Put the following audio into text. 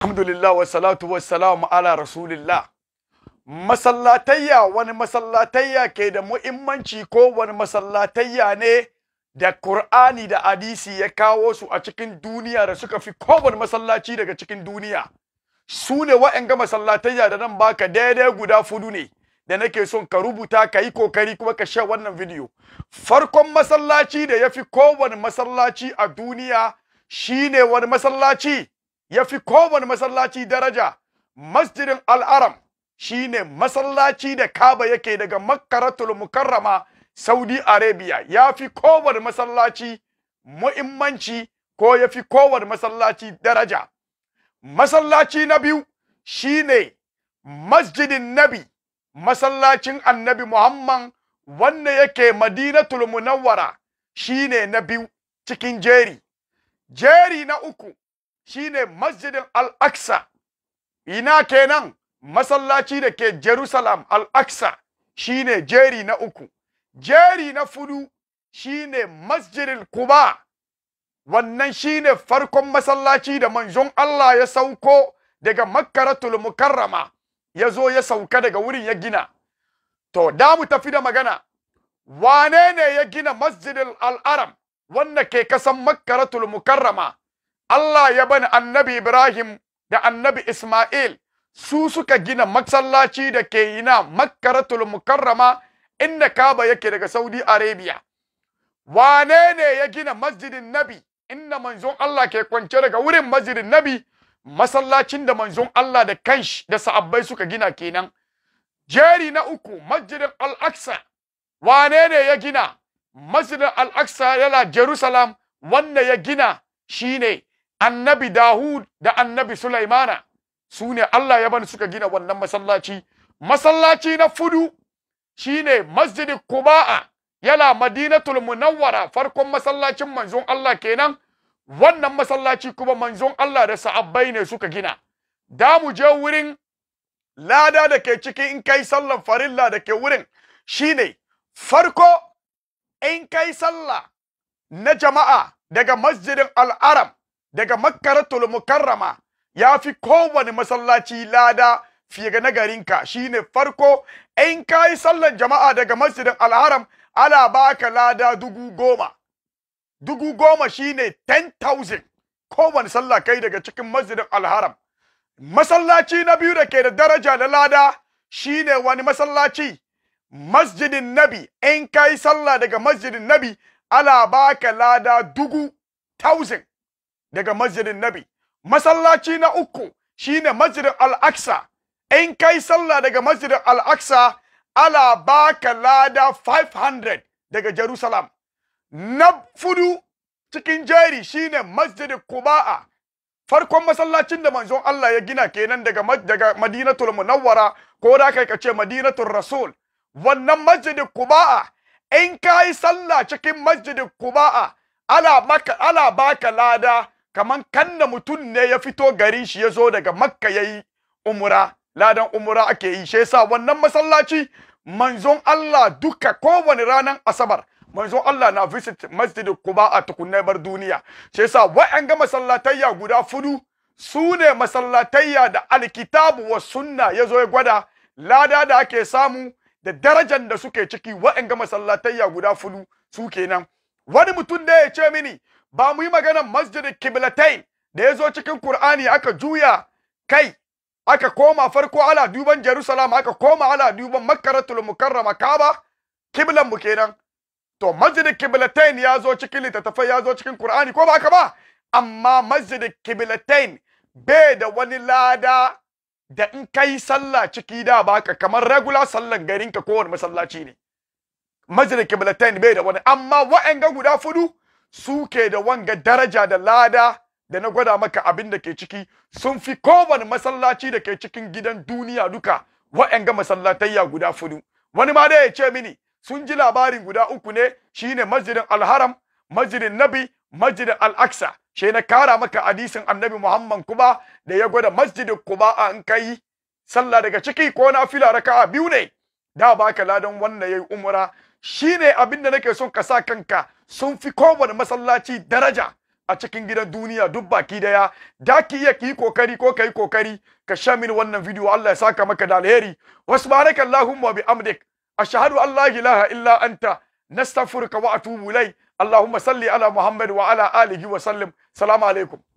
Alhamdulillah wa salatu wa salamu ala rasulillah. Masallatayya wani masallatayya ke da muhimmanci ko wani masallatayya ne da Kur'ani da hadisi ya kawo su a cikin duniya da suka fi kowane masallaci daga cikin duniya. Su ne wa'anga masallatayya da nan baka daidai guda fudu ne da nake son ka rubuta ka yi kokari kuma ka sha wannan bidiyo. Farkon masallaci da ya fi kowane masallaci a duniya shine wani masallaci ya fi kowane masallaci daraja masjidin al'aram shine masallaci da kaba yake daga makaratul mukarrama saudi arabia ya fi kowane masallaci muhimmanci. ko ya fi kowane masallaci daraja masallaci na biyu shine masjidin nabi masallacin annabi muhammad wanda yake madinatul munawwara shine na biyu cikin jeri jeri na uku shine masjidin al-aqsa ina kenan masallaci da ke jerusalem al-aqsa shine jeri na uku jeri na fudu shine masjidin kuba wannan shine farkon masallaci da manzon Allah ya sauko daga makkaratul mukarrama ya zo ya sauka daga wurin ya gina to da mu tafi da magana wane ne ya gina masjidil al-aram wanda ke kasan makkaratul mukarrama Allah ya bani annabi Ibrahim da annabi Ismail su suka gina masallaci da ke yina makkaratul mukarrama inda kaba yake daga Saudi Arabia. Wane ne ya gina masjidin nabi inda manzon Allah ke kwance daga wurin masjidin nabi masallacin da manzon Allah da kanshi da sa'abbai suka gina kenan. Jeri na uku masjidin al wane ne ya gina masjidin al yana Jerusalem wanda ya gina shine annabi dahud da annabi Sulaimana su ne Allah ya bani suka gina wannan masallaci masallaci na fudu shine masjidin kuba'a yana Madinatul Munawwara farkon masallacin manzon Allah kenan wannan masallaci kuma manzon Allah da sa'abbai ne suka gina da mu je wurin lada da ke ciki in kai sallan farilla da ke wurin shine farko in kai sallah na jama'a daga masjidin al'aram daga makkaratul mukarrama ya fi kowane masallaci lada fiye ga nagarinka shine farko in yi sallan jama'a daga masjidin alharam ala baka lada dubu goma dubu goma shine 10,000 kowane sallah kai daga cikin masjidin alharam masallaci na biyu da ke da daraja da lada shine wani masallaci masjidin nabi in kayi sallah daga masjidin nabi ala baka lada dubu daga masjidin nabi masallaci na uku shine masjidin al in kai sallah daga masjidin al-aqsa ala baka lada 500 daga jerusalem na fudu cikin jeri shine masjidin kuba'a farkon masallacin da manzon Allah ya gina kenan daga daga madinatul munawwara ko da kai kace madinatul rasul wannan masjidin kuba'a in kai sallah cikin masjidin kuba'a ala ala baka lada kaman kan da mutum ne ya fito garin shi ya zo daga makka ya yi umura ladan umra ake yi shi yasa wannan masallaci manzon Allah duka kowane ranar asabar manzon Allah na visit masjid Quba a tukunne bar duniya shi yasa ga masallatayya guda fudu su ne masallatayya da alkitabu wa sunna ya zo ya gwada lada da ake samu da darajar da suke ciki ga masallatayya guda fudu su kenan wani mutum da ya ce mini ba mu yi maganar masjidin kiblatai da ya zo cikin Kur'ani aka juya kai aka koma farko ala duban Jerusalem aka koma ala duban Makkaratul Mukarrama Kaaba kiblan mu kenan to masjidin kiblatain ya zo cikin littattafai ya zo cikin Kur'ani ko ba haka ba amma masjidin kiblatain bai da wani lada da in kai sallah ciki da baka kamar regular sallan garinka ko wani masallaci ne masjidin kiblatain bai da wani amma wa'anga guda fudu suke da wanga daraja da lada da na gwada maka abin da ke ciki sun fi kowane masallaci da ke cikin gidan duniya duka wa'yanga masallatayya guda fudu wani ma dai ya ce mini sun ji labarin guda uku ne shine masjidin alharam masjidin nabi masjidin al-aqsa she na kara maka hadisin annabi muhammad kuma da ya gwada masjidin kuba an kai sallah daga ciki ko na fila raka'a biyu ne da baka ladan wannan yayi umra shine abin da nake son ka sa kanka sun fi kowane masallaci daraja a cikin gidan duniya duk baki daya da ki iya ki kokari ko kai kokari ka sha min wannan video Allah ya saka maka da alheri wasbaraka allahumma wa amdik ashhadu an la ilaha illa anta nastaghfiruka wa atubu ilay allahumma salli ala muhammad wa ala alihi wa sallim salamu alaikum